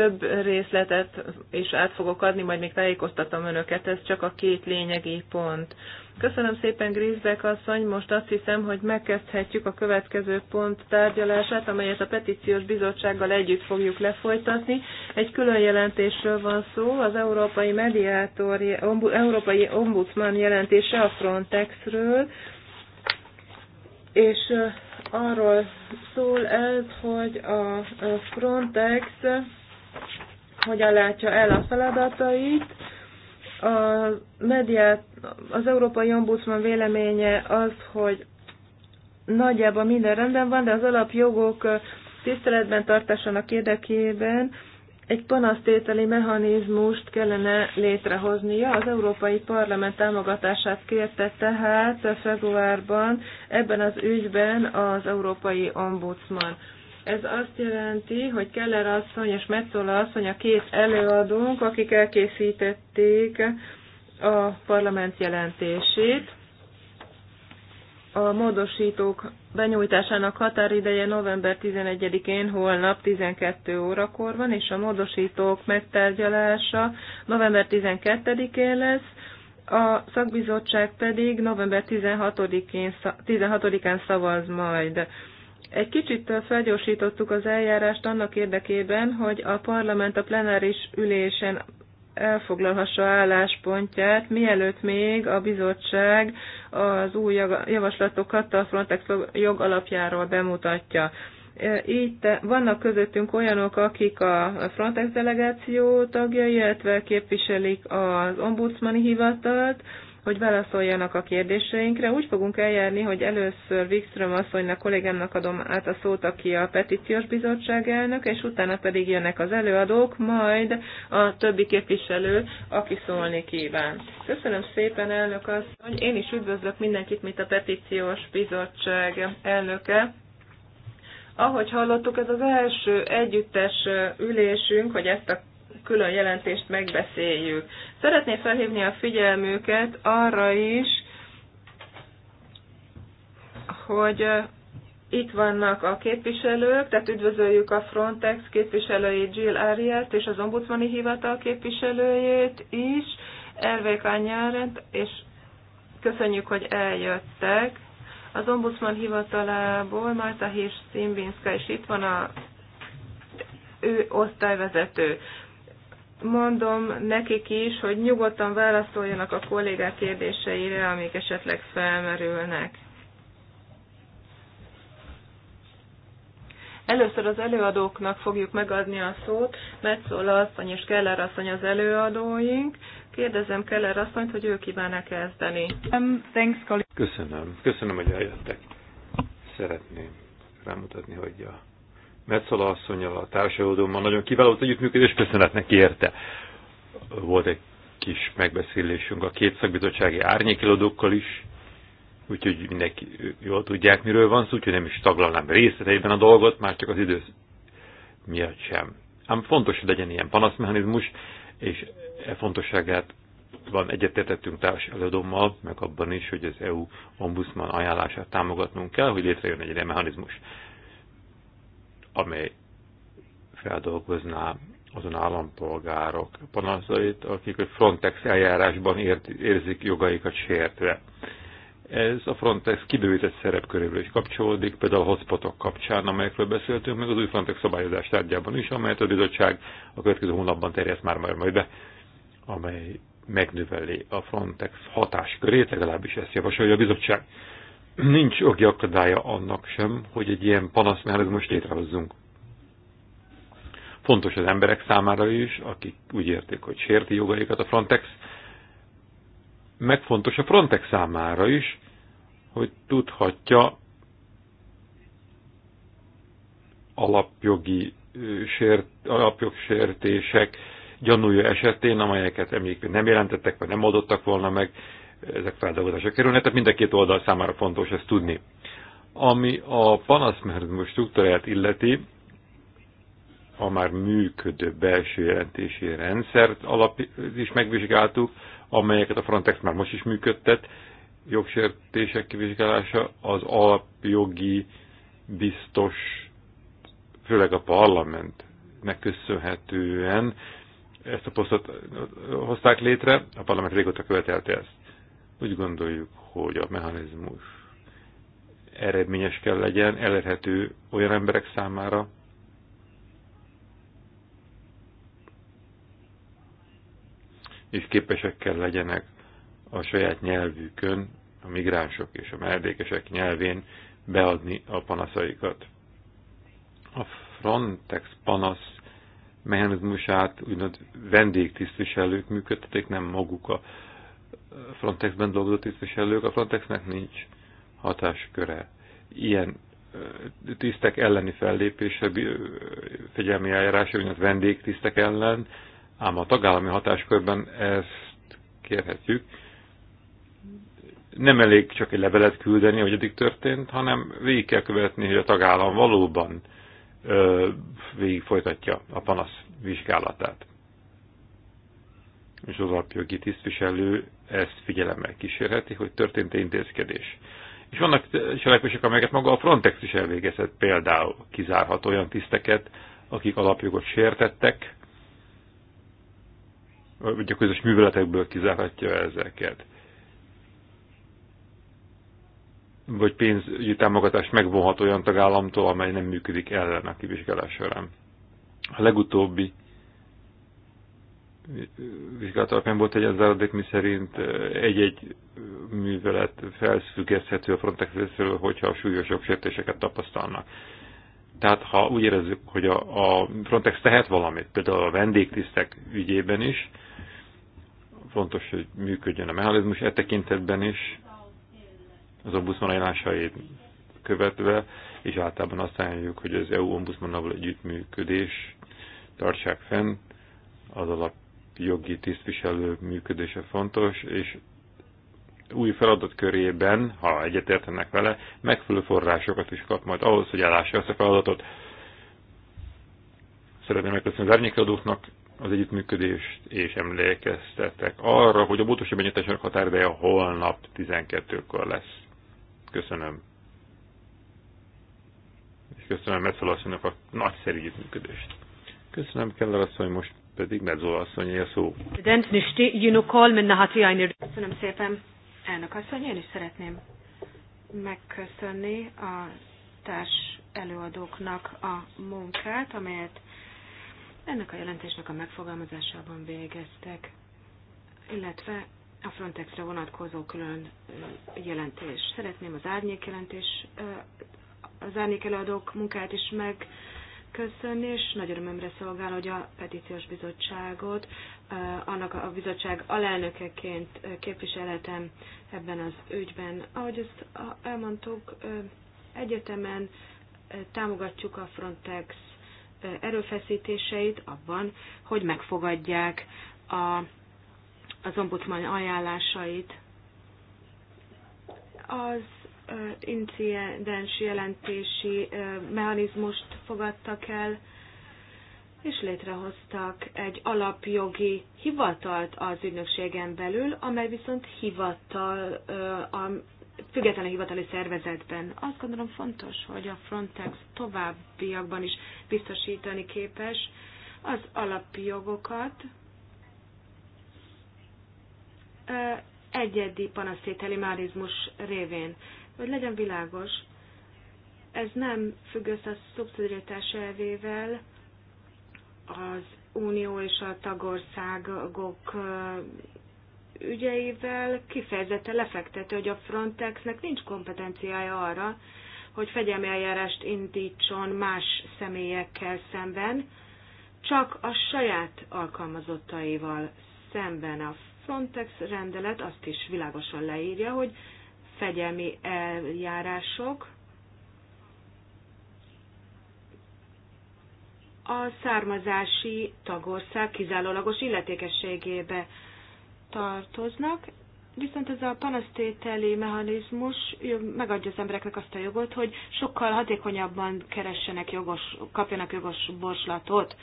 több részletet is át fogok adni, majd még tájékoztatom önöket, ez csak a két lényegi pont. Köszönöm szépen, Grisbeck asszony, most azt hiszem, hogy megkezdhetjük a következő pont tárgyalását, amelyet a petíciós bizottsággal együtt fogjuk lefolytatni. Egy külön jelentésről van szó, az Európai Mediátor, Európai Ombudsman jelentése a Frontexről, és arról szól ez, hogy a Frontex hogyan látja el a feladatait. A mediát, az Európai Ombudsman véleménye az, hogy nagyjából minden rendben van, de az alapjogok tiszteletben tartásának érdekében egy panasztételi mechanizmust kellene létrehoznia. Az Európai Parlament támogatását kérte tehát februárban ebben az ügyben az Európai Ombudsman. Ez azt jelenti, hogy Keller asszony és Metzola asszony a két előadónk, akik elkészítették a parlament jelentését. A módosítók benyújtásának határideje november 11-én holnap 12 órakor van, és a módosítók megtárgyalása november 12-én lesz, a szakbizottság pedig november 16-án, 16 szavaz majd. Egy kicsit felgyorsítottuk az eljárást annak érdekében, hogy a parlament a plenáris ülésen elfoglalhassa álláspontját, mielőtt még a bizottság az új javaslatokat a Frontex jog alapjáról bemutatja. E, így te, vannak közöttünk olyanok, akik a Frontex delegáció tagjai, illetve képviselik az ombudsmani hivatalt, hogy válaszoljanak a kérdéseinkre. Úgy fogunk eljárni, hogy először Wikström asszonynak, kollégámnak adom át a szót, aki a petíciós bizottság elnök, és utána pedig jönnek az előadók, majd a többi képviselő, aki szólni kíván. Köszönöm szépen, elnök asszony. Én is üdvözlök mindenkit, mint a petíciós bizottság elnöke. Ahogy hallottuk, ez az első együttes ülésünk, hogy ezt a külön jelentést megbeszéljük. Szeretném felhívni a figyelmüket arra is, hogy itt vannak a képviselők, tehát üdvözöljük a Frontex képviselőjét, Jill Ariert és az Ombudsmani Hivatal képviselőjét is, Ervék Anyárent, és köszönjük, hogy eljöttek. Az Ombudsman Hivatalából Márta Hirsz Szimbinszka, és itt van a ő osztályvezető mondom nekik is, hogy nyugodtan válaszoljanak a kollégák kérdéseire, amik esetleg felmerülnek. Először az előadóknak fogjuk megadni a szót, Metzola asszony és Keller asszony az előadóink. Kérdezem Keller asszonyt, hogy ő kíván-e kezdeni. Um, Köszönöm. Köszönöm, hogy eljöttek. Szeretném rámutatni, hogy a Metzola asszonyjal, a társadalommal nagyon kiváló az együttműködés, köszönet neki érte. Volt egy kis megbeszélésünk a két szakbizottsági árnyékilodókkal is, úgyhogy mindenki jól tudják, miről van szó, úgyhogy nem is taglalnám részleteiben a dolgot, már csak az idő miatt sem. Ám fontos, hogy legyen ilyen panaszmechanizmus, és e fontosságát van egyetértettünk társ előadommal, meg abban is, hogy az EU ombudsman ajánlását támogatnunk kell, hogy létrejön egy ilyen mechanizmus amely feldolgozná azon állampolgárok panaszait, akik a Frontex eljárásban ért, érzik jogaikat sértve. Ez a Frontex kibővített szerepköréből is kapcsolódik, például a hotspotok kapcsán, amelyekről beszéltünk, meg az új Frontex szabályozás tárgyában is, amelyet a bizottság a következő hónapban terjeszt már majd, majd be, amely megnöveli a Frontex hatáskörét, legalábbis ezt javasolja a bizottság nincs jogi akadálya annak sem, hogy egy ilyen most létrehozzunk. Fontos az emberek számára is, akik úgy érték, hogy sérti jogaikat a Frontex, meg fontos a Frontex számára is, hogy tudhatja alapjogi sért, alapjogsértések gyanúja esetén, amelyeket emlékben nem jelentettek, vagy nem adottak volna meg, ezek feldolgozásra kerülnek, tehát mind a két oldal számára fontos ezt tudni. Ami a panaszmechanizmus struktúráját illeti, a már működő belső jelentési rendszert alap is megvizsgáltuk, amelyeket a Frontex már most is működtet, jogsértések kivizsgálása, az alapjogi biztos, főleg a parlamentnek köszönhetően ezt a posztot hozták létre, a parlament régóta követelte ezt. Úgy gondoljuk, hogy a mechanizmus eredményes kell legyen, elérhető olyan emberek számára, és képesek kell legyenek a saját nyelvükön, a migránsok és a merdékesek nyelvén beadni a panaszaikat. A Frontex panasz mechanizmusát úgynevezett vendégtisztviselők működtetik, nem maguk a Frontexben dolgozó tisztviselők, a Frontexnek nincs hatásköre. Ilyen tisztek elleni fellépése, fegyelmi eljárása, úgynevezett vendégtisztek ellen, ám a tagállami hatáskörben ezt kérhetjük. Nem elég csak egy levelet küldeni, hogy eddig történt, hanem végig kell követni, hogy a tagállam valóban ö, végig folytatja a panasz vizsgálatát. És az alapjogi tisztviselő ezt figyelemmel kísérheti, hogy történt-e intézkedés. És vannak cselekvések, amelyeket maga a Frontex is elvégezett, például kizárhat olyan tiszteket, akik alapjogot sértettek, vagy a közös műveletekből kizárhatja ezeket. Vagy pénzügyi támogatást megvonhat olyan tagállamtól, amely nem működik ellen a kivizsgálás során. A legutóbbi vizsgálat alapján volt egy záradék, mi szerint egy-egy művelet felszüggeszthető a Frontex részéről, hogyha súlyosabb sértéseket tapasztalnak. Tehát ha úgy érezzük, hogy a, a Frontex tehet valamit, például a vendégtisztek ügyében is, fontos, hogy működjön a mechanizmus e tekintetben is, az ombudsman ajánlásait követve, és általában azt ajánljuk, hogy az EU ombudsmannal együttműködés tartsák fenn, az alap jogi tisztviselő működése fontos, és új feladat körében ha egyetértenek vele, megfelelő forrásokat is kap majd ahhoz, hogy elássa ezt a feladatot. Szeretném megköszönni az árnyékadóknak az együttműködést, és emlékeztetek arra, hogy a bótosi benyújtásának határideje holnap 12-kor lesz. Köszönöm. És köszönöm Metszola a nagyszerű együttműködést. Köszönöm, Keller asszony, most pedig Medzola asszony a szó. Köszönöm szépen, elnök asszony, én is szeretném megköszönni a társ előadóknak a munkát, amelyet ennek a jelentésnek a megfogalmazásában végeztek, illetve a Frontexre vonatkozó külön jelentés. Szeretném az árnyék jelentés, az árnyék előadók munkát is meg köszönni, és nagy örömömre szolgál, hogy a petíciós bizottságot, annak a bizottság alelnökeként képviseletem ebben az ügyben. Ahogy ezt elmondtuk, egyetemen támogatjuk a Frontex erőfeszítéseit abban, hogy megfogadják a, az ombudsman ajánlásait. Az incidens jelentési mechanizmust fogadtak el, és létrehoztak egy alapjogi hivatalt az ügynökségen belül, amely viszont hivatal, a független hivatali szervezetben. Azt gondolom fontos, hogy a Frontex továbbiakban is biztosítani képes az alapjogokat, egyedi panasztételi mechanizmus révén hogy legyen világos, ez nem függ össze a szubszidiaritás elvével, az Unió és a tagországok ügyeivel kifejezetten lefektető, hogy a Frontexnek nincs kompetenciája arra, hogy fegyelmi eljárást indítson más személyekkel szemben, csak a saját alkalmazottaival szemben. A Frontex rendelet azt is világosan leírja, hogy fegyelmi eljárások, a származási tagország kizárólagos illetékességébe tartoznak, viszont ez a panasztételi mechanizmus megadja az embereknek azt a jogot, hogy sokkal hatékonyabban keressenek jogos, kapjanak jogos borslatot.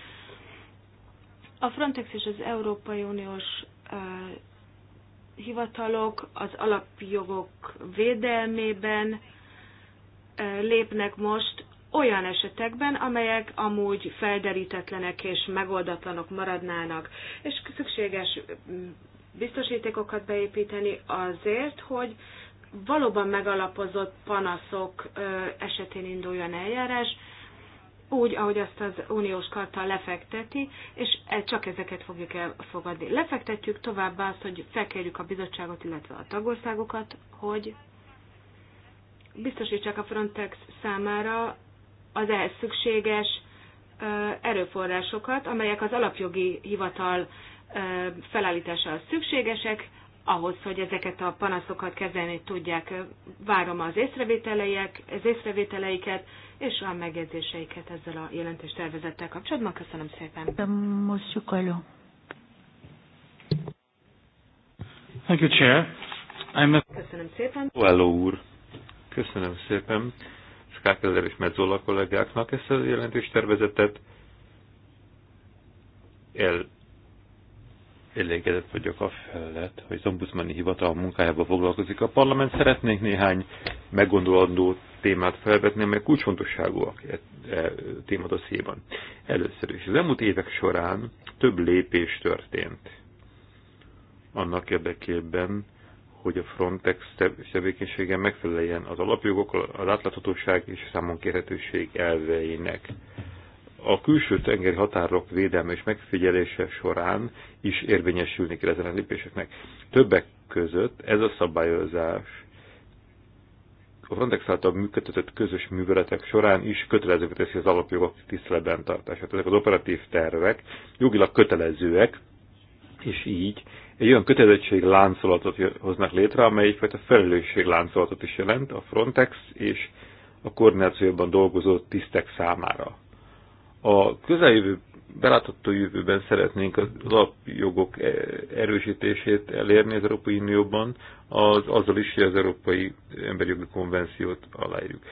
A Frontex és az Európai Uniós hivatalok az alapjogok védelmében lépnek most olyan esetekben, amelyek amúgy felderítetlenek és megoldatlanok maradnának, és szükséges mm, biztosítékokat beépíteni azért, hogy valóban megalapozott panaszok esetén induljon eljárás, úgy, ahogy azt az uniós karta lefekteti, és e- csak ezeket fogjuk elfogadni. Lefektetjük továbbá azt, hogy felkérjük a bizottságot, illetve a tagországokat, hogy biztosítsák a Frontex számára az ehhez szükséges erőforrásokat, amelyek az alapjogi hivatal felállításához szükségesek, ahhoz, hogy ezeket a panaszokat kezelni tudják. Várom az, észrevételeik, az észrevételeiket és a megjegyzéseiket ezzel a jelentős tervezettel kapcsolatban. Köszönöm szépen. Most Thank you, Chair. I'm a... Köszönöm szépen. Hello, úr. Köszönöm szépen. Skákeller és Mezzola kollégáknak ezt a jelentős tervezetet. El elégedett vagyok a felett, hogy az ombudsmani hivatal munkájába foglalkozik. A parlament Szeretnék néhány meggondolandó témát felvetni, amely kulcsfontosságúak e, e, témadosszéban. Először is, az elmúlt évek során több lépés történt annak érdekében, hogy a Frontex tevékenysége megfeleljen az alapjogokkal, az átláthatóság és számonkérhetőség elveinek a külső tengeri határok védelme és megfigyelése során is érvényesülni kell ezen a lépéseknek. Többek között ez a szabályozás a Frontex által működtetett közös műveletek során is kötelezővé teszi az alapjogok tiszteletben tartását. Ezek az operatív tervek jogilag kötelezőek, és így egy olyan kötelezettség láncolatot hoznak létre, amely egyfajta felelősség láncolatot is jelent a Frontex és a koordinációban dolgozó tisztek számára. A közeljövő, belátható jövőben szeretnénk az alapjogok e, erősítését elérni az Európai Unióban, az, azzal is, hogy az Európai Emberi Jogi Konvenciót aláírjuk.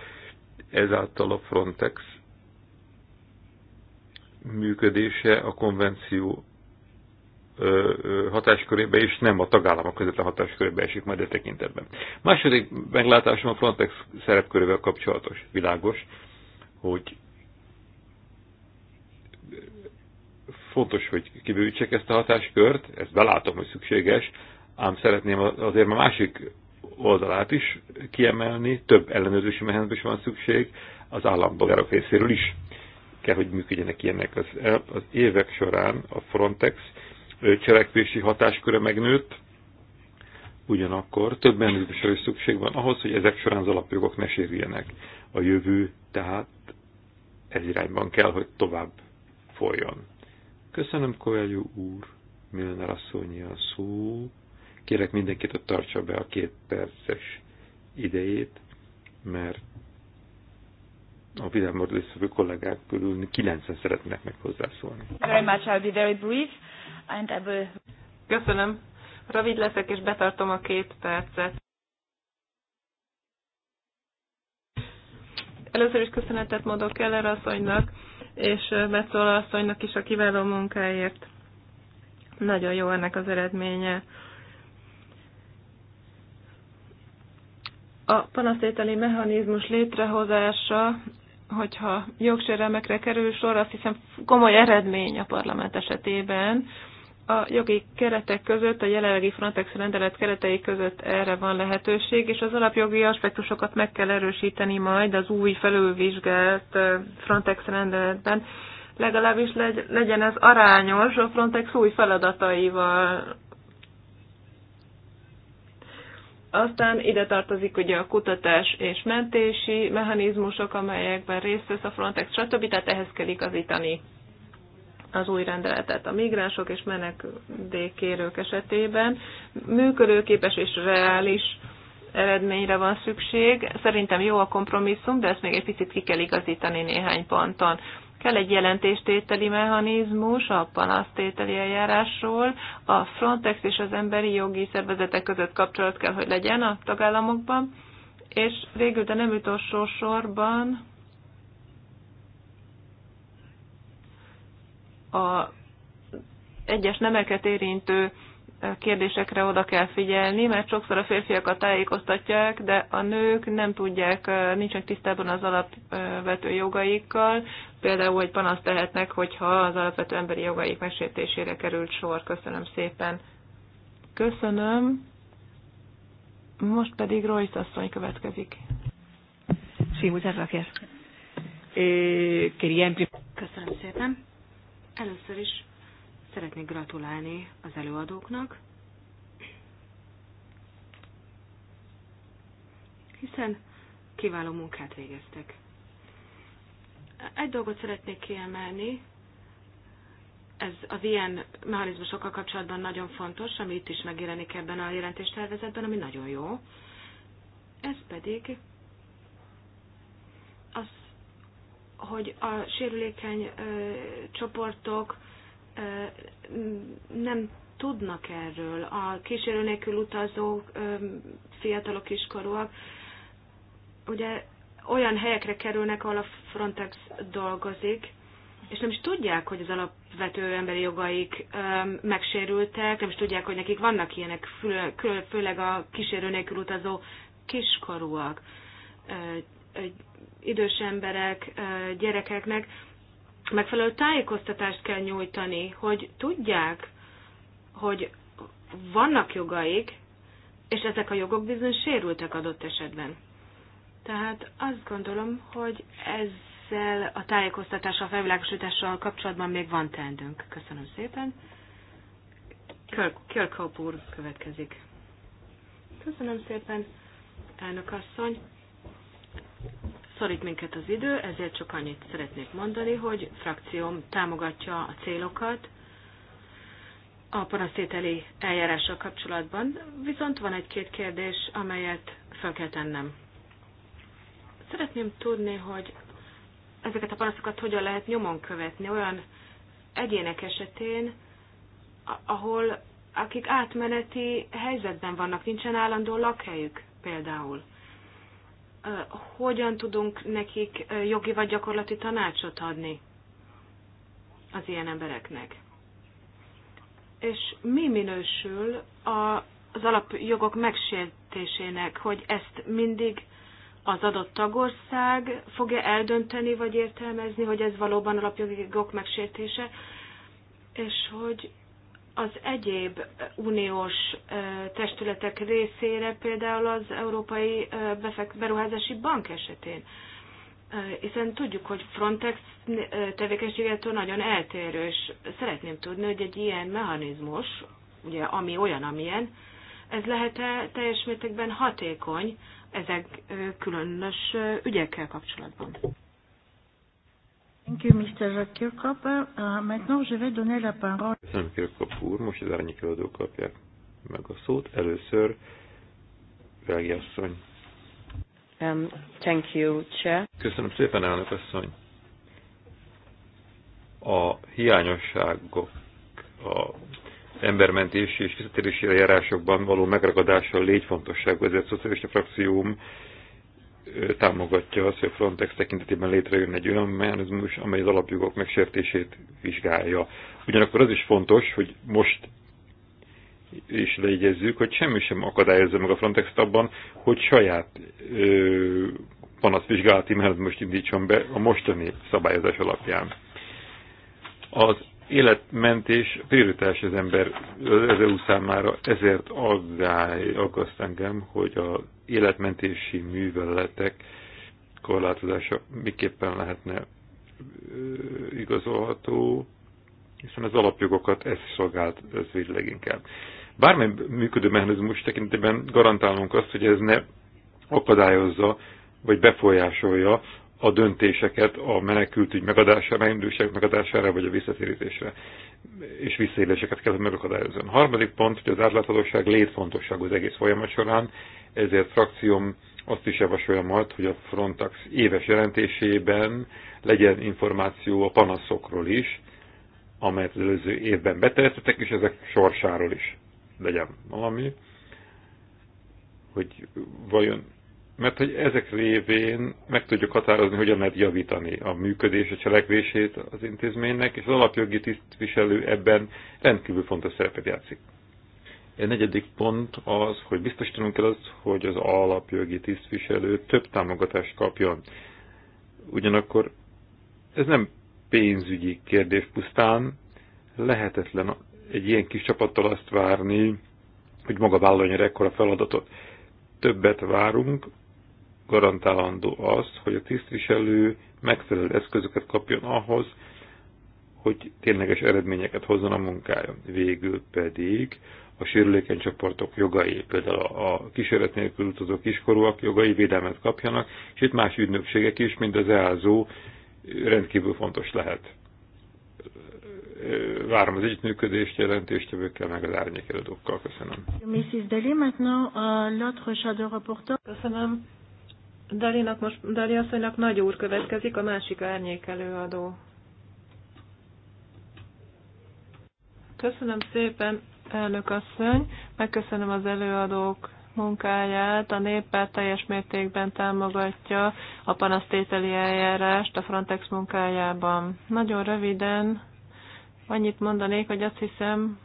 Ezáltal a Frontex működése a konvenció hatáskörébe, és nem a tagállamok közvetlen hatáskörébe esik majd a e tekintetben. Második meglátásom a Frontex szerepkörével kapcsolatos. Világos, hogy Fontos, hogy kibővítsek ezt a hatáskört, ezt belátom, hogy szükséges, ám szeretném azért a másik oldalát is kiemelni, több ellenőrzési mechanizmus van szükség, az állampolgárok részéről is kell, hogy működjenek ilyenek. Az, az évek során a Frontex cselekvési hatásköre megnőtt, ugyanakkor több ellenőrzésre is szükség van ahhoz, hogy ezek során az alapjogok ne sérüljenek. A jövő tehát ez irányban kell, hogy tovább folyjon. Köszönöm, Koelyú úr, Milner asszonyi a szó. Kérek mindenkit, hogy tartsa be a két perces idejét, mert a vidám részvevő kollégák körül 90 szeretnek meg hozzászólni. Very much, I'll be very brief, and I will... Köszönöm. Rövid leszek, és betartom a két percet. Először is köszönetet mondok Keller asszonynak és Metzola asszonynak is a kiváló munkáért. Nagyon jó ennek az eredménye. A panasztételi mechanizmus létrehozása, hogyha jogsérelmekre kerül sor, azt hiszem komoly eredmény a parlament esetében, a jogi keretek között, a jelenlegi Frontex rendelet keretei között erre van lehetőség, és az alapjogi aspektusokat meg kell erősíteni majd az új felülvizsgált Frontex rendeletben, legalábbis legyen ez arányos a Frontex új feladataival. Aztán ide tartozik ugye a kutatás és mentési mechanizmusok, amelyekben részt vesz a Frontex, stb. Tehát ehhez kell igazítani az új rendeletet. A migránsok és menekdékérők esetében működőképes és reális eredményre van szükség. Szerintem jó a kompromisszum, de ezt még egy picit ki kell igazítani néhány ponton. Kell egy jelentéstételi mechanizmus a panasztételi eljárásról, a Frontex és az emberi jogi szervezetek között kapcsolat kell, hogy legyen a tagállamokban, és végül, de nem utolsó sorban, a egyes nemeket érintő kérdésekre oda kell figyelni, mert sokszor a férfiakat tájékoztatják, de a nők nem tudják, nincsenek tisztában az alapvető jogaikkal, például, hogy panaszt tehetnek, hogyha az alapvető emberi jogaik megsértésére került sor. Köszönöm szépen. Köszönöm. Most pedig Royce asszony következik. Sí, muchas gracias. Eh, quería Köszönöm szépen. Először is szeretnék gratulálni az előadóknak, hiszen kiváló munkát végeztek. Egy dolgot szeretnék kiemelni, ez az ilyen mechanizmusokkal kapcsolatban nagyon fontos, ami itt is megjelenik ebben a jelentéstervezetben, ami nagyon jó. Ez pedig hogy a sérülékeny csoportok nem tudnak erről. A kísérő nélkül utazók, fiatalok, kiskorúak, ugye olyan helyekre kerülnek, ahol a Frontex dolgozik, és nem is tudják, hogy az alapvető emberi jogaik ö, megsérültek, nem is tudják, hogy nekik vannak ilyenek, főleg a kísérő nélkül utazó kiskorúak. Ö, ö, idős emberek, gyerekeknek megfelelő tájékoztatást kell nyújtani, hogy tudják, hogy vannak jogaik, és ezek a jogok bizony sérültek adott esetben. Tehát azt gondolom, hogy ezzel a tájékoztatással, a felvilágosítással kapcsolatban még van teendőnk. Köszönöm szépen. Kirkhope úr következik. Köszönöm szépen, elnök asszony szorít minket az idő, ezért csak annyit szeretnék mondani, hogy frakcióm támogatja a célokat a panasztételi eljárással kapcsolatban, viszont van egy-két kérdés, amelyet fel kell tennem. Szeretném tudni, hogy ezeket a panaszokat hogyan lehet nyomon követni olyan egyének esetén, ahol akik átmeneti helyzetben vannak, nincsen állandó lakhelyük például hogyan tudunk nekik jogi vagy gyakorlati tanácsot adni az ilyen embereknek? És mi minősül a, az alapjogok megsértésének, hogy ezt mindig az adott tagország fogja eldönteni vagy értelmezni, hogy ez valóban alapjogi jogok megsértése, és hogy az egyéb uniós testületek részére, például az Európai Beruházási Bank esetén. Hiszen tudjuk, hogy Frontex tevékenységétől nagyon eltérő, és szeretném tudni, hogy egy ilyen mechanizmus, ugye ami olyan, amilyen, ez lehet-e teljes mértékben hatékony ezek különös ügyekkel kapcsolatban? Thank you, Mr. Kirkhope. Uh, maintenant, je vais donner la parole. Köszönöm, Kirkhope úr. Most az árnyékelődők kapják meg a szót. Először Belgi asszony. Um, thank you, Chair. Köszönöm szépen, elnök asszony. A hiányosságok a embermentési és visszatérési eljárásokban való megragadása légyfontosságú, ezért a szocialista frakcióm támogatja azt, hogy a Frontex tekintetében létrejön egy olyan mechanizmus, amely az alapjogok megsértését vizsgálja. Ugyanakkor az is fontos, hogy most és leigyezzük, hogy semmi sem akadályozza meg a frontex abban, hogy saját ö, panaszvizsgálati most indítson be a mostani szabályozás alapján. Az életmentés prioritás az ember az EU számára, ezért aggály, aggaszt engem, hogy az életmentési műveletek korlátozása miképpen lehetne igazolható, hiszen az alapjogokat ez szolgált, ez véd leginkább. Bármely működő mechanizmus tekintetében garantálunk azt, hogy ez ne akadályozza vagy befolyásolja a döntéseket a menekültügy megadására, megindulóság megadására vagy a visszatérítésre és visszaéléseket kell, hogy megakadályozzon. Harmadik pont, hogy az átláthatóság létfontosság az egész folyamat során, ezért frakcióm azt is javasolja majd, hogy a Frontex éves jelentésében legyen információ a panaszokról is, amelyet az előző évben beteltetek, és ezek sorsáról is legyen valami, hogy vajon mert hogy ezek révén meg tudjuk határozni, hogyan lehet javítani a működés, a cselekvését az intézménynek, és az alapjogi tisztviselő ebben rendkívül fontos szerepet játszik. A negyedik pont az, hogy biztosítanunk kell az, hogy az alapjogi tisztviselő több támogatást kapjon. Ugyanakkor ez nem pénzügyi kérdés pusztán, lehetetlen egy ilyen kis csapattal azt várni, hogy maga vállalja ekkora feladatot. Többet várunk, garantálandó az, hogy a tisztviselő megfelelő eszközöket kapjon ahhoz, hogy tényleges eredményeket hozzon a munkája. Végül pedig a sérülékeny csoportok jogai, például a kísérlet nélkül utazó kiskorúak jogai védelmet kapjanak, és itt más ügynökségek is, mint az EASO rendkívül fontos lehet. Várom az együttműködést, jelentéstevőkkel, meg az árnyékelődókkal. Köszönöm. Mrs. Deli, maintenant euh, l'autre Köszönöm. Dalinak most, Dali asszonynak nagy úr következik, a másik árnyék előadó. Köszönöm szépen, elnök asszony, megköszönöm az előadók munkáját, a néppárt teljes mértékben támogatja a panasztételi eljárást a Frontex munkájában. Nagyon röviden annyit mondanék, hogy azt hiszem,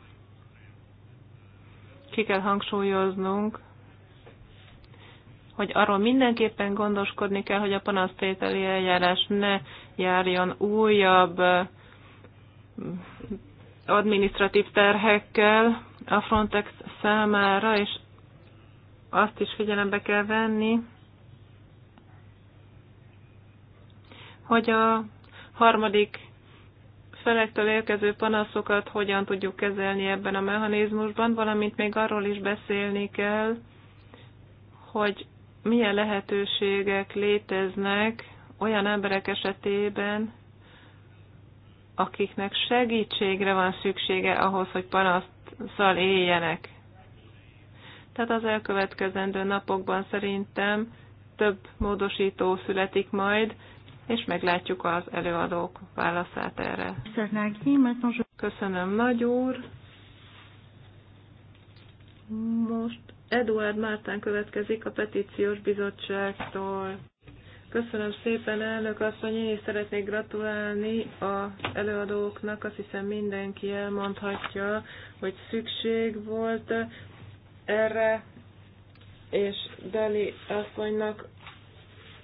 ki kell hangsúlyoznunk, hogy arról mindenképpen gondoskodni kell, hogy a panasztételi eljárás ne járjon újabb mm, administratív terhekkel a Frontex számára, és azt is figyelembe kell venni, hogy a harmadik felektől érkező panaszokat hogyan tudjuk kezelni ebben a mechanizmusban, valamint még arról is beszélni kell, hogy milyen lehetőségek léteznek olyan emberek esetében, akiknek segítségre van szüksége ahhoz, hogy panasztszal éljenek. Tehát az elkövetkezendő napokban szerintem több módosító születik majd, és meglátjuk az előadók válaszát erre. Köszönöm, nagy úr! Most Eduard Mártán következik a petíciós bizottságtól. Köszönöm szépen, elnök asszony, én is szeretnék gratulálni az előadóknak, azt hiszem mindenki elmondhatja, hogy szükség volt erre, és Deli asszonynak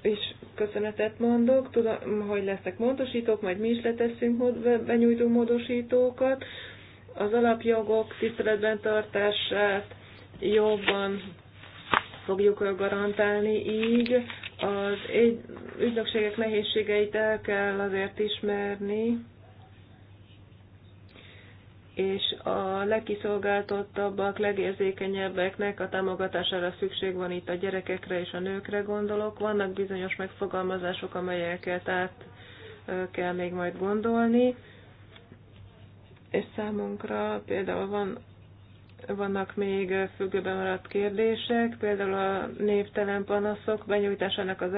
is köszönetet mondok, tudom, hogy lesznek módosítók, majd mi is leteszünk, benyújtunk módosítókat, az alapjogok tiszteletben tartását, jobban fogjuk garantálni így. Az ügynökségek nehézségeit el kell azért ismerni, és a legkiszolgáltottabbak, legérzékenyebbeknek a támogatására szükség van itt a gyerekekre és a nőkre gondolok. Vannak bizonyos megfogalmazások, amelyeket át kell még majd gondolni, és számunkra például van vannak még függőben maradt kérdések, például a névtelen panaszok benyújtásának az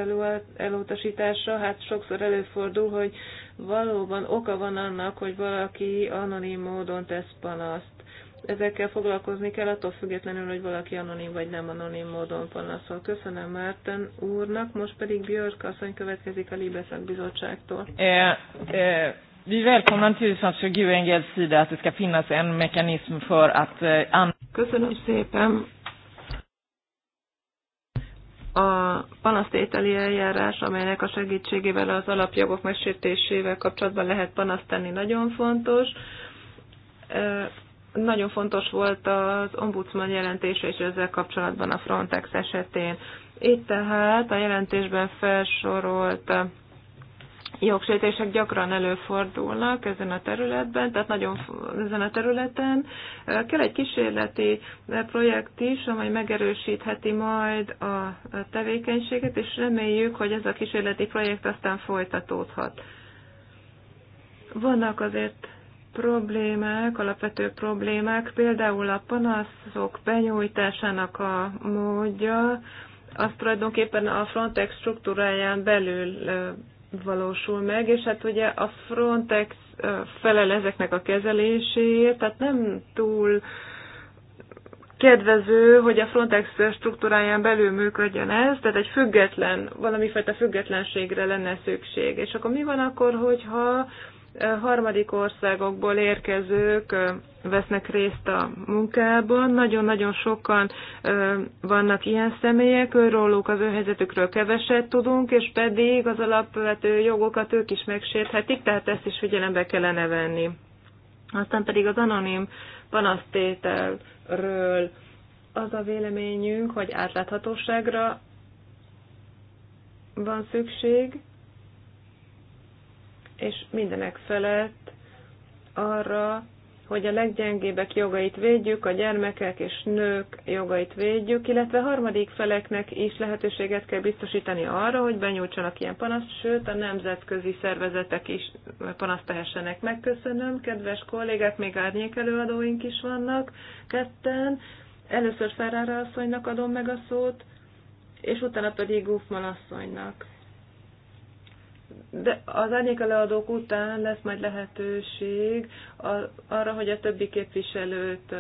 elutasítása. Hát sokszor előfordul, hogy valóban oka van annak, hogy valaki anonim módon tesz panaszt. Ezekkel foglalkozni kell, attól függetlenül, hogy valaki anonim vagy nem anonim módon panaszol. Köszönöm Márten úrnak, most pedig Björk asszony következik a Libeszak Bizottságtól. É, eh, é. Eh, Vi välkomnar sida att det ska finnas en mekanism för att... Eh, Köszönöm szépen. A panasztételi eljárás, amelynek a segítségével az alapjogok megsértésével kapcsolatban lehet panasztani nagyon fontos. Nagyon fontos volt az ombudsman jelentése és ezzel kapcsolatban a Frontex esetén. Itt tehát a jelentésben felsorolt jogsértések gyakran előfordulnak ezen a területben, tehát nagyon ezen a területen. Kell egy kísérleti projekt is, amely megerősítheti majd a tevékenységet, és reméljük, hogy ez a kísérleti projekt aztán folytatódhat. Vannak azért problémák, alapvető problémák, például a panaszok benyújtásának a módja, az tulajdonképpen a Frontex struktúráján belül valósul meg, és hát ugye a Frontex felel ezeknek a kezeléséért, tehát nem túl kedvező, hogy a Frontex struktúráján belül működjön ez, tehát egy független, valamifajta függetlenségre lenne szükség. És akkor mi van akkor, hogyha harmadik országokból érkezők vesznek részt a munkában. Nagyon-nagyon sokan vannak ilyen személyek, róluk az ő helyzetükről keveset tudunk, és pedig az alapvető jogokat ők is megsérthetik, tehát ezt is figyelembe kellene venni. Aztán pedig az anonim panasztételről az a véleményünk, hogy átláthatóságra van szükség, és mindenek felett arra, hogy a leggyengébbek jogait védjük, a gyermekek és nők jogait védjük, illetve harmadik feleknek is lehetőséget kell biztosítani arra, hogy benyújtsanak ilyen panaszt, sőt a nemzetközi szervezetek is panaszt tehessenek. Megköszönöm, kedves kollégák, még árnyék előadóink is vannak ketten. Először Ferrara asszonynak adom meg a szót, és utána pedig Gufman asszonynak de az leadók után lesz majd lehetőség arra, hogy a többi képviselőt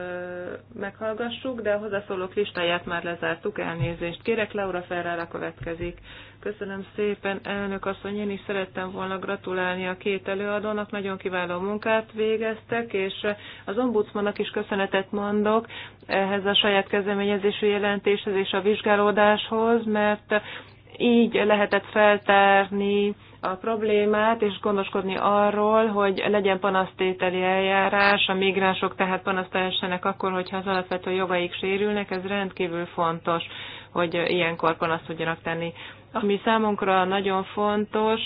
meghallgassuk, de a hozzászólók listáját már lezártuk, elnézést. Kérek, Laura Ferrara következik. Köszönöm szépen, elnök asszony, én is szerettem volna gratulálni a két előadónak, nagyon kiváló munkát végeztek, és az ombudsmannak is köszönetet mondok ehhez a saját kezdeményezésű jelentéshez és a vizsgálódáshoz, mert így lehetett feltárni a problémát, és gondoskodni arról, hogy legyen panasztételi eljárás, a migránsok tehát panasztelhessenek akkor, hogyha az alapvető jogaik sérülnek, ez rendkívül fontos, hogy ilyenkor panaszt tudjanak tenni. Ami számunkra nagyon fontos,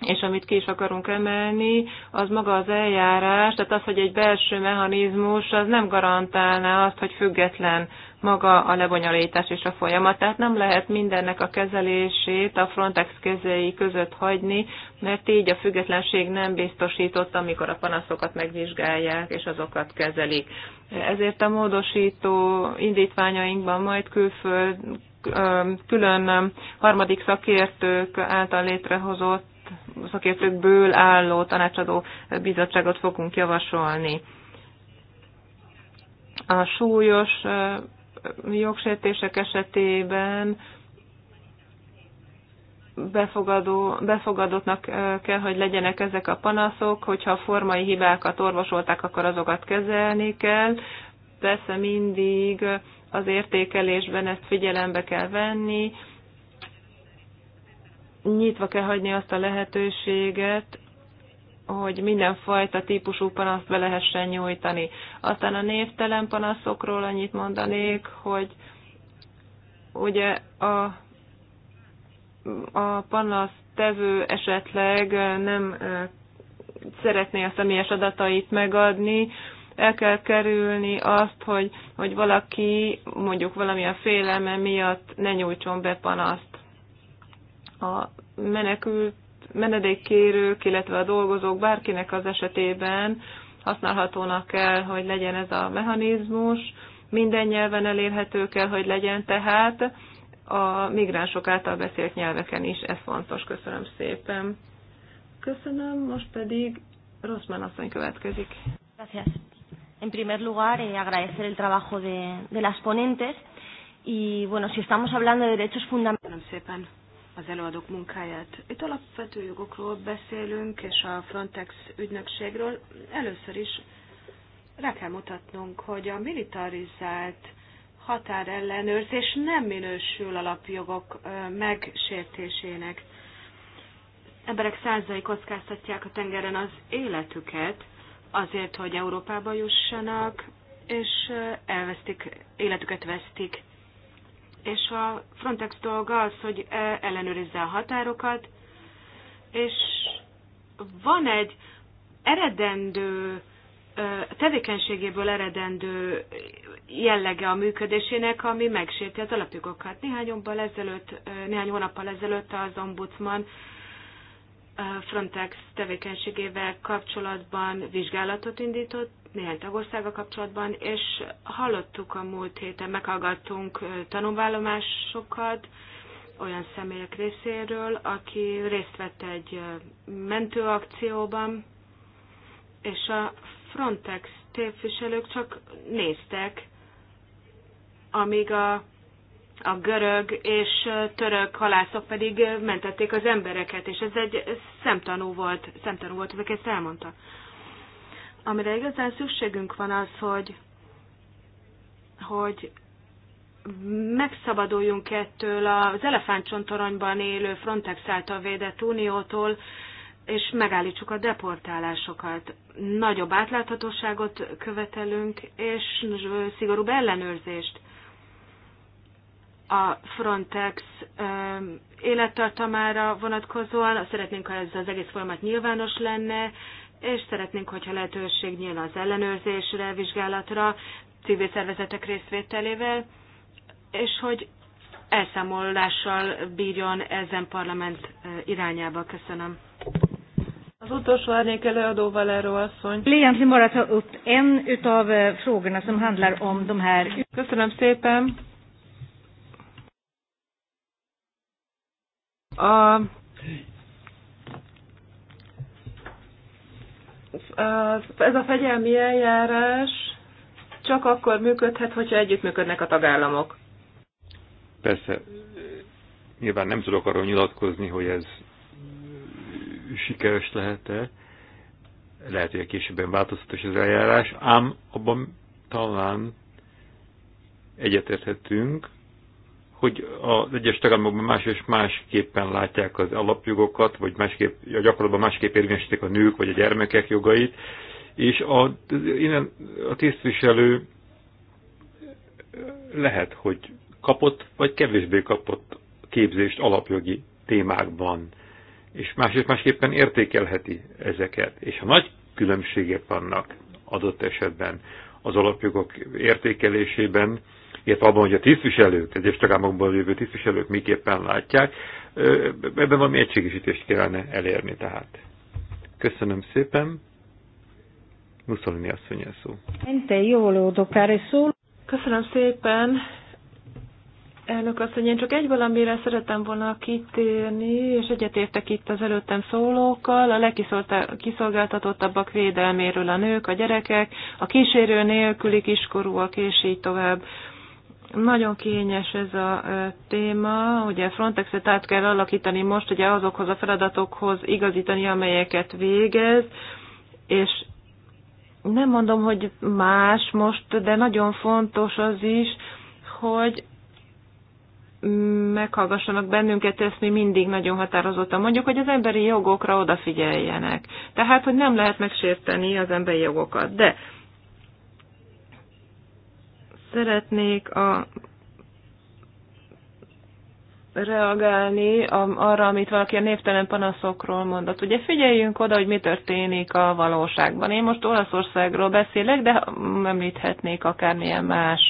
és amit ki is akarunk emelni, az maga az eljárás, tehát az, hogy egy belső mechanizmus, az nem garantálná azt, hogy független maga a lebonyolítás és a folyamat. Tehát nem lehet mindennek a kezelését a Frontex kezei között hagyni, mert így a függetlenség nem biztosított, amikor a panaszokat megvizsgálják és azokat kezelik. Ezért a módosító indítványainkban majd külföld külön harmadik szakértők által létrehozott szakértőkből álló tanácsadó bizottságot fogunk javasolni. A súlyos jogsértések esetében befogadó, befogadottnak kell, hogy legyenek ezek a panaszok, hogyha a formai hibákat orvosolták, akkor azokat kezelni kell. Persze mindig az értékelésben ezt figyelembe kell venni, nyitva kell hagyni azt a lehetőséget, hogy mindenfajta típusú panaszt be lehessen nyújtani. Aztán a névtelen panaszokról annyit mondanék, hogy ugye a, a tevő esetleg nem szeretné a személyes adatait megadni, el kell kerülni azt, hogy, hogy valaki mondjuk valamilyen félelme miatt ne nyújtson be panaszt a menekült, menedékkérők, illetve a dolgozók bárkinek az esetében használhatónak kell, hogy legyen ez a mechanizmus, minden nyelven elérhető kell, hogy legyen tehát, a migránsok által beszélt nyelveken is, ez fontos, köszönöm szépen. Köszönöm, most pedig Rosszman asszony következik. Gracias. En primer lugar, eh, agradecer el trabajo de, de las ponentes y, bueno, si estamos hablando de derechos fundamentales az előadók munkáját. Itt alapvető jogokról beszélünk, és a Frontex ügynökségről először is rá kell mutatnunk, hogy a militarizált határellenőrzés nem minősül alapjogok megsértésének. Emberek százai kockáztatják a tengeren az életüket azért, hogy Európába jussanak, és elvesztik, életüket vesztik és a Frontex dolga az, hogy e, ellenőrizze a határokat, és van egy eredendő e, tevékenységéből eredendő jellege a működésének, ami megsérti az alapjogokat. Néhány, ezelőtt, e, néhány hónappal ezelőtt az ombudsman Frontex tevékenységével kapcsolatban vizsgálatot indított néhány tagországa kapcsolatban, és hallottuk a múlt héten, meghallgattunk tanulvállomásokat olyan személyek részéről, aki részt vett egy mentőakcióban, és a Frontex képviselők csak néztek, amíg a, a görög és török halászok pedig mentették az embereket, és ez egy szemtanú volt, szemtanú volt, ezek ezt elmondta amire igazán szükségünk van az, hogy, hogy megszabaduljunk ettől az elefántcsontoronyban élő Frontex által védett uniótól, és megállítsuk a deportálásokat. Nagyobb átláthatóságot követelünk, és szigorúbb ellenőrzést. A Frontex élettartamára vonatkozóan szeretnénk, ha ez az egész folyamat nyilvános lenne, és szeretnénk, hogyha lehetőség nyíl az ellenőrzésre, vizsgálatra, civil szervezetek részvételével, és hogy elszámolással bírjon ezen parlament irányába. Köszönöm. Az utolsó árnyék előadó Valero asszony. Egentligen bara ta upp en utav frågorna som handlar om de Köszönöm szépen. A ez a fegyelmi eljárás csak akkor működhet, hogyha együttműködnek a tagállamok. Persze, nyilván nem tudok arról nyilatkozni, hogy ez sikeres lehet-e. Lehet, hogy a későbben változtatos az eljárás, ám abban talán egyetérthetünk, hogy az egyes tagállamokban más és másképpen látják az alapjogokat, vagy másképp, a gyakorlatban másképp érvényesítik a nők vagy a gyermekek jogait, és a, innen a tisztviselő lehet, hogy kapott, vagy kevésbé kapott képzést alapjogi témákban, és más és másképpen értékelheti ezeket. És ha nagy különbségek vannak adott esetben az alapjogok értékelésében, illetve abban, hogy a tisztviselők, az egyes tagállamokból jövő tisztviselők miképpen látják, ebben valami egységesítést kellene elérni tehát. Köszönöm szépen. Mussolini asszony szó. Köszönöm szépen. Elnök asszony, én csak egy valamire szerettem volna kitérni, és egyetértek itt az előttem szólókkal, a legkiszolgáltatottabbak védelméről a nők, a gyerekek, a kísérő nélküli kiskorúak, és így tovább. Nagyon kényes ez a téma, ugye Frontexet át kell alakítani most, ugye azokhoz a feladatokhoz igazítani, amelyeket végez, és nem mondom, hogy más most, de nagyon fontos az is, hogy meghallgassanak bennünket, ezt mi mindig nagyon határozottan mondjuk, hogy az emberi jogokra odafigyeljenek. Tehát, hogy nem lehet megsérteni az emberi jogokat. De Szeretnék a reagálni arra, amit valaki a névtelen panaszokról mondott. Ugye figyeljünk oda, hogy mi történik a valóságban. Én most Olaszországról beszélek, de említhetnék akármilyen más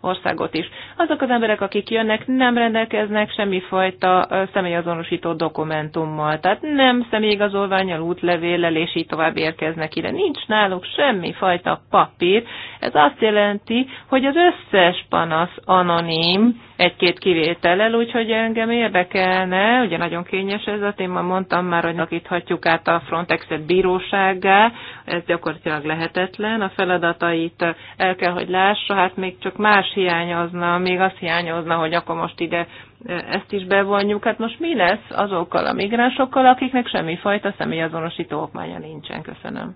országot is. Azok az emberek, akik jönnek, nem rendelkeznek semmifajta személyazonosító dokumentummal, tehát nem személyigazolványal, útlevéllel, és így tovább érkeznek ide. Nincs náluk semmifajta papír, ez azt jelenti, hogy az összes panasz anonim, egy-két kivétellel, úgyhogy engem érdekelne, ugye nagyon kényes ez a téma, mondtam már, hogy nakíthatjuk át a Frontexet bírósággá, ez gyakorlatilag lehetetlen, a feladatait el kell, hogy lássa, hát még csak más hiányozna, még az hiányozna, hogy akkor most ide e, ezt is bevonjuk. Hát most mi lesz azokkal a migránsokkal, akiknek semmifajta személyazonosító okmánya nincsen? Köszönöm.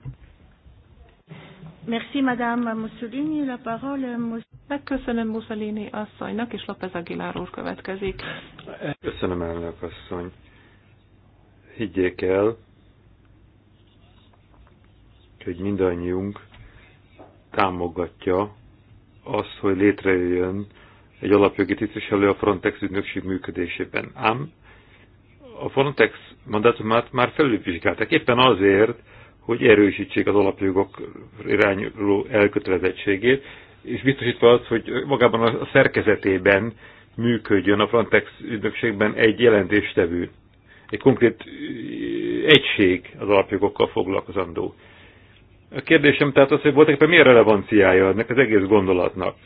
Merci, Madame Mussolini. La parole Megköszönöm Mussolini asszonynak, és López Aguilar úr következik. Köszönöm, elnök asszony. Higgyék el, hogy mindannyiunk támogatja azt, hogy létrejöjjön egy alapjogi tisztviselő a Frontex ügynökség működésében. Ám a Frontex mandátumát már felülvizsgálták, éppen azért, hogy erősítsék az alapjogok irányuló elkötelezettségét, és biztosítva az, hogy magában a szerkezetében működjön a Frontex ügynökségben egy jelentéstevő, egy konkrét egység az alapjogokkal foglalkozandó. A kérdésem tehát az, hogy volt éppen milyen relevanciája ennek az egész gondolatnak?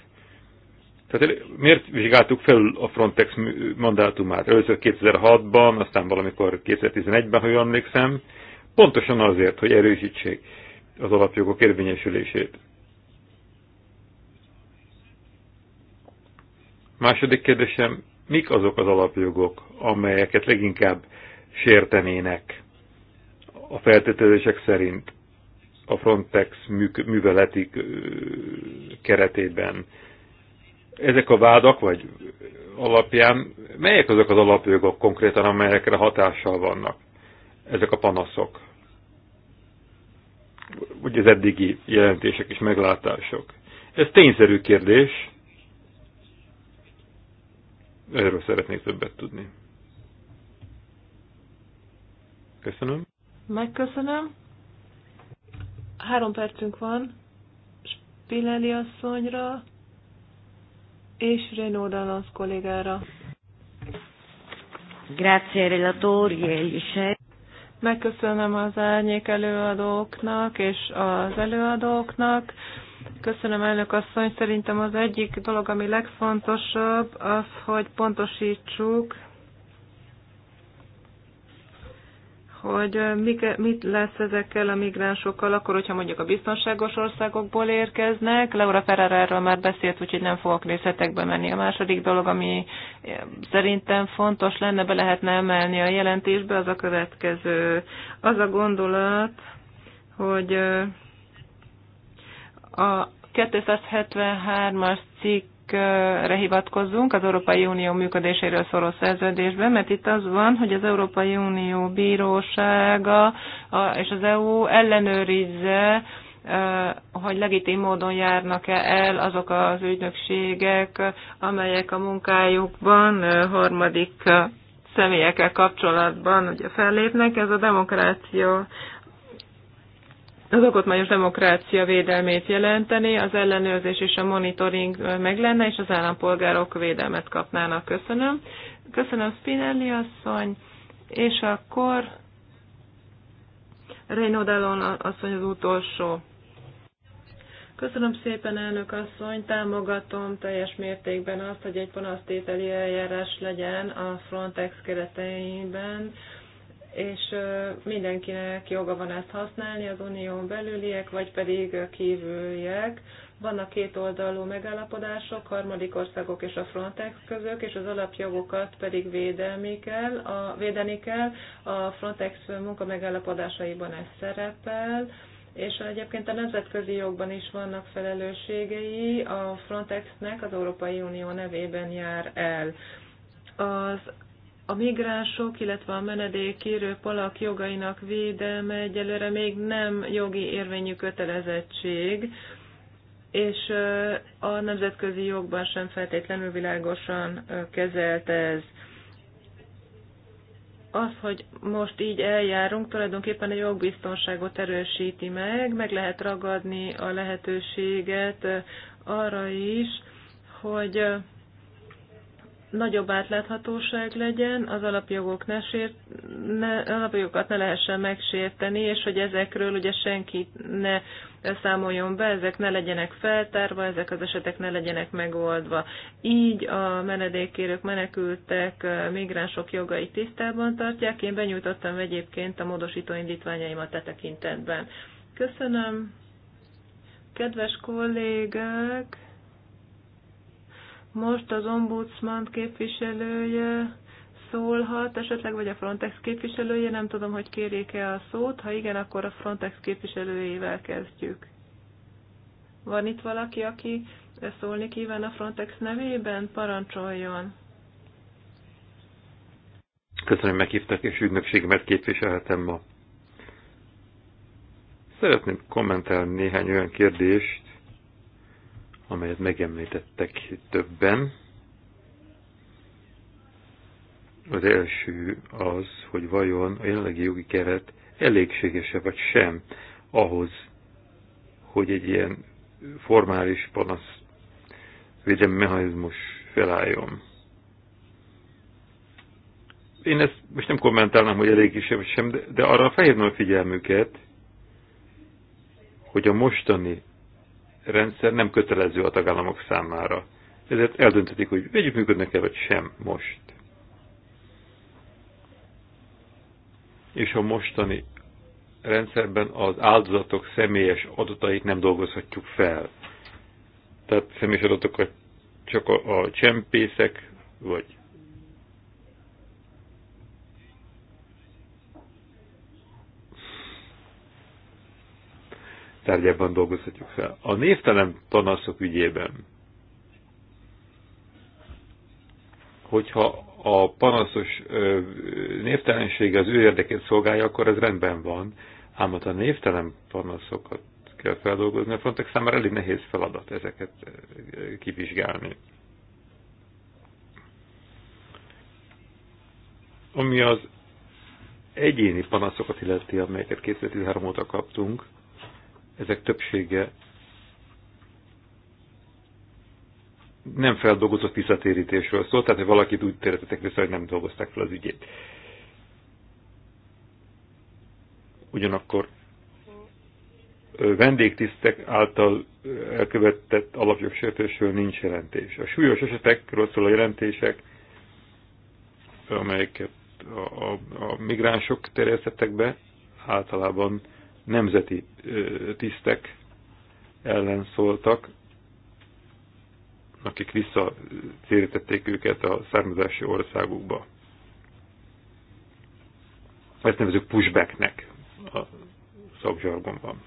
Tehát miért vizsgáltuk fel a Frontex mandátumát? Először 2006-ban, aztán valamikor 2011-ben, ha jól emlékszem, pontosan azért, hogy erősítsék az alapjogok érvényesülését. Második kérdésem, mik azok az alapjogok, amelyeket leginkább sértenének a feltételezések szerint a Frontex műveleti keretében? Ezek a vádak vagy alapján melyek azok az alapjogok konkrétan, amelyekre hatással vannak? Ezek a panaszok vagy az eddigi jelentések és meglátások. Ez tényszerű kérdés. Erről szeretnék többet tudni. Köszönöm. Megköszönöm. Három percünk van. Spinelli asszonyra és Renó Dalansz kollégára. Grazie relatori e Megköszönöm az árnyék előadóknak és az előadóknak. Köszönöm, elnök asszony. Szerintem az egyik dolog, ami legfontosabb, az, hogy pontosítsuk hogy mit lesz ezekkel a migránsokkal, akkor, hogyha mondjuk a biztonságos országokból érkeznek. Laura Ferrer erről már beszélt, úgyhogy nem fogok részletekbe menni. A második dolog, ami szerintem fontos lenne, be lehetne emelni a jelentésbe, az a következő. Az a gondolat, hogy a 273-as cikk cikkre hivatkozzunk az Európai Unió működéséről szóló szerződésben, mert itt az van, hogy az Európai Unió bírósága és az EU ellenőrizze, hogy legitim módon járnak-e el azok az ügynökségek, amelyek a munkájukban harmadik személyekkel kapcsolatban ugye fellépnek. Ez a demokrácia az alkotmányos demokrácia védelmét jelenteni, az ellenőrzés és a monitoring meg lenne, és az állampolgárok védelmet kapnának. Köszönöm. Köszönöm Spinelli asszony, és akkor Reino Dallon asszony az utolsó. Köszönöm szépen, elnök asszony, támogatom teljes mértékben azt, hogy egy panasztételi eljárás legyen a Frontex kereteiben, és mindenkinek joga van ezt használni, az unión belüliek, vagy pedig kívüliek. Vannak két oldalú megállapodások, harmadik országok és a Frontex közök, és az alapjogokat pedig védelmi kell, a, védeni kell. A Frontex munka megállapodásaiban ez szerepel, és egyébként a nemzetközi jogban is vannak felelősségei, a Frontexnek az Európai Unió nevében jár el. Az a migránsok, illetve a menedékérő palak jogainak védelme egyelőre még nem jogi érvényű kötelezettség, és a nemzetközi jogban sem feltétlenül világosan kezelt ez. Az, hogy most így eljárunk, tulajdonképpen a jogbiztonságot erősíti meg, meg lehet ragadni a lehetőséget arra is, hogy nagyobb átláthatóság legyen, az alapjogok ne sért, ne, alapjogokat ne lehessen megsérteni, és hogy ezekről ugye senki ne számoljon be, ezek ne legyenek feltárva, ezek az esetek ne legyenek megoldva. Így a menedékkérők, menekültek, migránsok jogai tisztában tartják. Én benyújtottam egyébként a módosító indítványaimat a e tekintetben. Köszönöm, kedves kollégák! Most az ombudsman képviselője szólhat, esetleg vagy a Frontex képviselője, nem tudom, hogy kérjék-e a szót, ha igen, akkor a Frontex képviselőjével kezdjük. Van itt valaki, aki szólni kíván a Frontex nevében? Parancsoljon! Köszönöm, meghívtak, és ügynökségemet képviselhetem ma. Szeretném kommentálni néhány olyan kérdést, amelyet megemlítettek többen. Az első az, hogy vajon a jelenlegi jogi keret elégséges vagy sem ahhoz, hogy egy ilyen formális panasz védelmi mechanizmus felálljon. Én ezt most nem kommentálnám, hogy elég is vagy sem, de, de arra felhívnám a figyelmüket, hogy a mostani rendszer nem kötelező a tagállamok számára. Ezért eldöntetik, hogy működnek e vagy sem most. És a mostani rendszerben az áldozatok személyes adatait nem dolgozhatjuk fel. Tehát személyes adatokat csak a, a csempészek, vagy tárgyában dolgozhatjuk fel. A névtelen panaszok ügyében, hogyha a panaszos névtelensége az ő érdekét szolgálja, akkor ez rendben van, ám ott a névtelen panaszokat kell feldolgozni, a Frontex számára elég nehéz feladat ezeket kivizsgálni. Ami az egyéni panaszokat illeti, amelyeket 2013 óta kaptunk, ezek többsége nem feldolgozott visszatérítésről szól, tehát hogy valakit úgy térhetetek vissza, hogy nem dolgozták fel az ügyét. Ugyanakkor vendégtisztek által elkövetett alapjogsértésről nincs jelentés. A súlyos esetekről szól a jelentések, amelyeket a, a, a migránsok terjesztettek be, általában nemzeti tisztek ellen szóltak, akik visszatérítették őket a származási országukba. Ezt nevezük pushbacknek a szakzsargonban.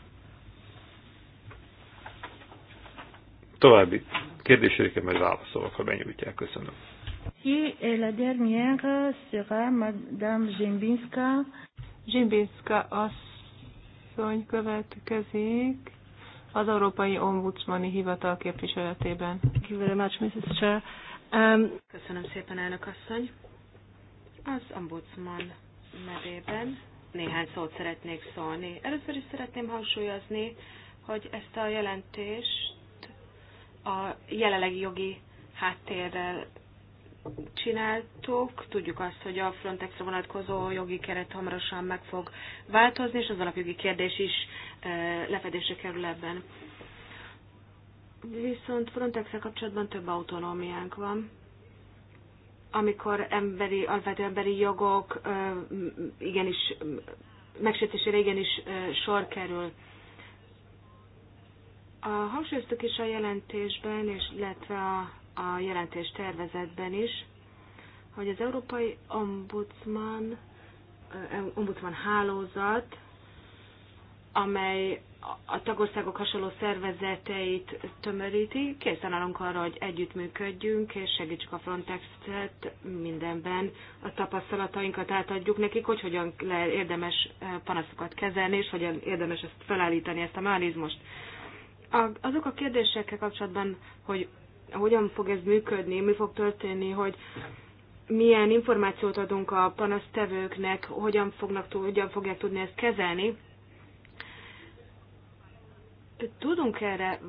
További kérdéseiket majd válaszolok, ha benyújtják. Köszönöm. Si, et la dernière sera Madame Zimbinska. Zimbinska az asszony következik az Európai Ombudsmani Hivatal képviseletében. Thank you very much, Mrs. Chair. Um, Köszönöm szépen, elnök asszony. Az ombudsman nevében néhány szót szeretnék szólni. Először is szeretném hangsúlyozni, hogy ezt a jelentést a jelenlegi jogi háttérrel csináltuk. Tudjuk azt, hogy a Frontexre vonatkozó jogi keret hamarosan meg fog változni, és az alapjogi kérdés is e, lefedésre kerül ebben. Viszont frontex kapcsolatban több autonómiánk van. Amikor emberi, alapvető emberi jogok e, igenis megsértésére igenis e, sor kerül. A hangsúlyoztuk is a jelentésben, és illetve a a jelentés tervezetben is, hogy az Európai Ombudsman, Ombudsman hálózat, amely a tagországok hasonló szervezeteit tömöríti. Készen állunk arra, hogy együttműködjünk, és segítsük a Frontex-et mindenben. A tapasztalatainkat átadjuk nekik, hogy hogyan érdemes panaszokat kezelni, és hogyan érdemes ezt felállítani, ezt a mechanizmust. azok a kérdésekkel kapcsolatban, hogy hogyan fog ez működni, mi fog történni, hogy milyen információt adunk a panasztevőknek, hogyan, fognak, hogyan fogják tudni ezt kezelni. Tudunk erre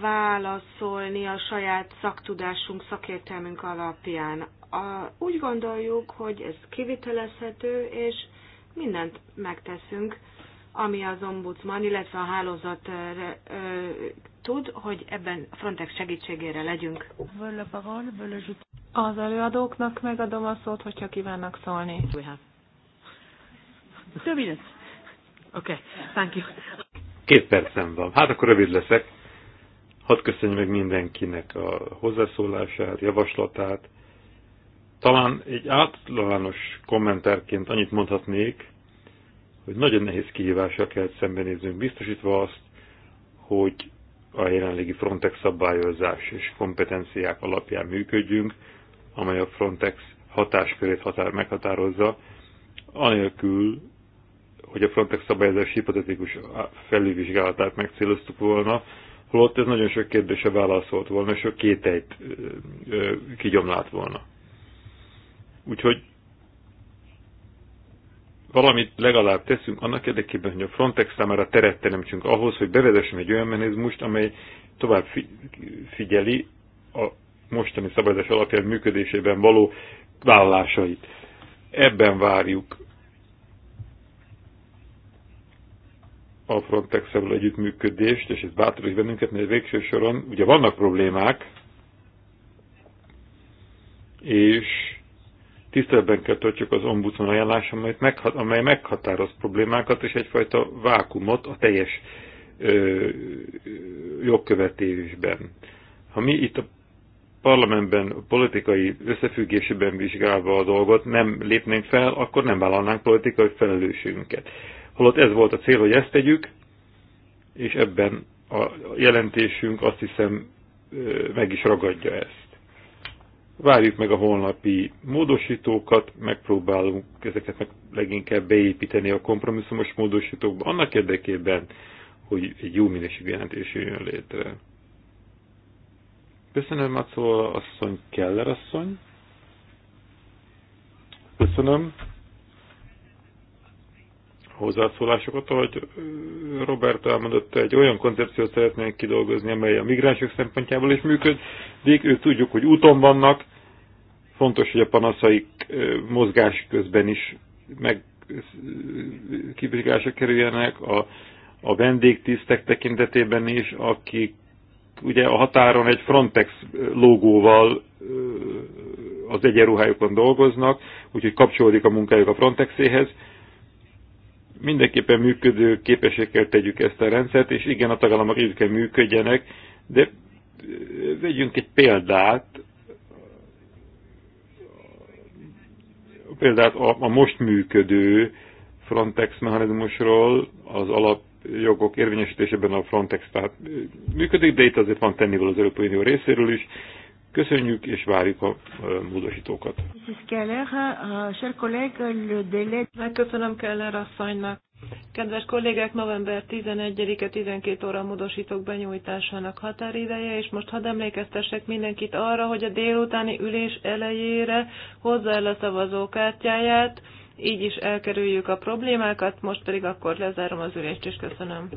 válaszolni a saját szaktudásunk, szakértelmünk alapján. A, úgy gondoljuk, hogy ez kivitelezhető, és mindent megteszünk, ami az ombudsman, illetve a hálózat tud, hogy ebben a Frontex segítségére legyünk. Az előadóknak megadom a szót, hogyha kívánnak szólni. We have. Two minutes. Okay, thank you. Két percem van. Hát akkor rövid leszek. Hadd köszönjük meg mindenkinek a hozzászólását, javaslatát. Talán egy általános kommentárként annyit mondhatnék, hogy nagyon nehéz kihívással kell szembenéznünk, biztosítva azt, hogy a jelenlegi Frontex szabályozás és kompetenciák alapján működjünk, amely a Frontex hatáskörét határ, meghatározza, anélkül, hogy a Frontex szabályozás hipotetikus felülvizsgálatát megcéloztuk volna, holott ez nagyon sok kérdése válaszolt volna, sok kételyt kigyomlált volna. Úgyhogy valamit legalább teszünk annak érdekében, hogy a Frontex számára teret teremtsünk ahhoz, hogy bevezessünk egy olyan mechanizmust, amely tovább fi figyeli a mostani szabályozás alapján működésében való vállásait. Ebben várjuk a frontex együttműködést, és ez is bennünket, mert végső soron ugye vannak problémák, és tiszteletben kell tartjuk az ombudsman ajánlás, amely, meghat, amely meghatároz problémákat és egyfajta vákumot a teljes ö, jogkövetésben. Ha mi itt a parlamentben a politikai összefüggésében vizsgálva a dolgot nem lépnénk fel, akkor nem vállalnánk politikai felelősségünket. Holott ez volt a cél, hogy ezt tegyük, és ebben a jelentésünk azt hiszem meg is ragadja ezt. Várjuk meg a holnapi módosítókat, megpróbálunk ezeket meg leginkább beépíteni a kompromisszumos módosítókba, annak érdekében, hogy egy jó minőségű jelentés jön létre. Köszönöm, Macóla asszony, Keller asszony. Köszönöm hozzászólásokat, ahogy Robert elmondott egy olyan koncepciót szeretnénk kidolgozni, amely a migránsok szempontjából is működik. Ők tudjuk, hogy úton vannak, fontos, hogy a panaszaik mozgás közben is meg kivizsgálásra kerüljenek, a, a vendégtisztek tekintetében is, akik ugye a határon egy Frontex logóval az egyenruhájukon dolgoznak, úgyhogy kapcsolódik a munkájuk a Frontexéhez mindenképpen működő képességgel tegyük ezt a rendszert, és igen, a tagállamok együtt kell működjenek, de vegyünk egy példát, példát a, a most működő Frontex mechanizmusról, az alapjogok érvényesítésében a Frontex tehát működik, de itt azért van tennivel az Európai Unió részéről is, Köszönjük, és várjuk a módosítókat. Köszönöm, Keller asszonynak. Kedves kollégák, november 11-e 12 óra módosítók benyújtásának határideje, és most hadd emlékeztessek mindenkit arra, hogy a délutáni ülés elejére hozzá el a szavazókártyáját, így is elkerüljük a problémákat, most pedig akkor lezárom az ülést, és köszönöm.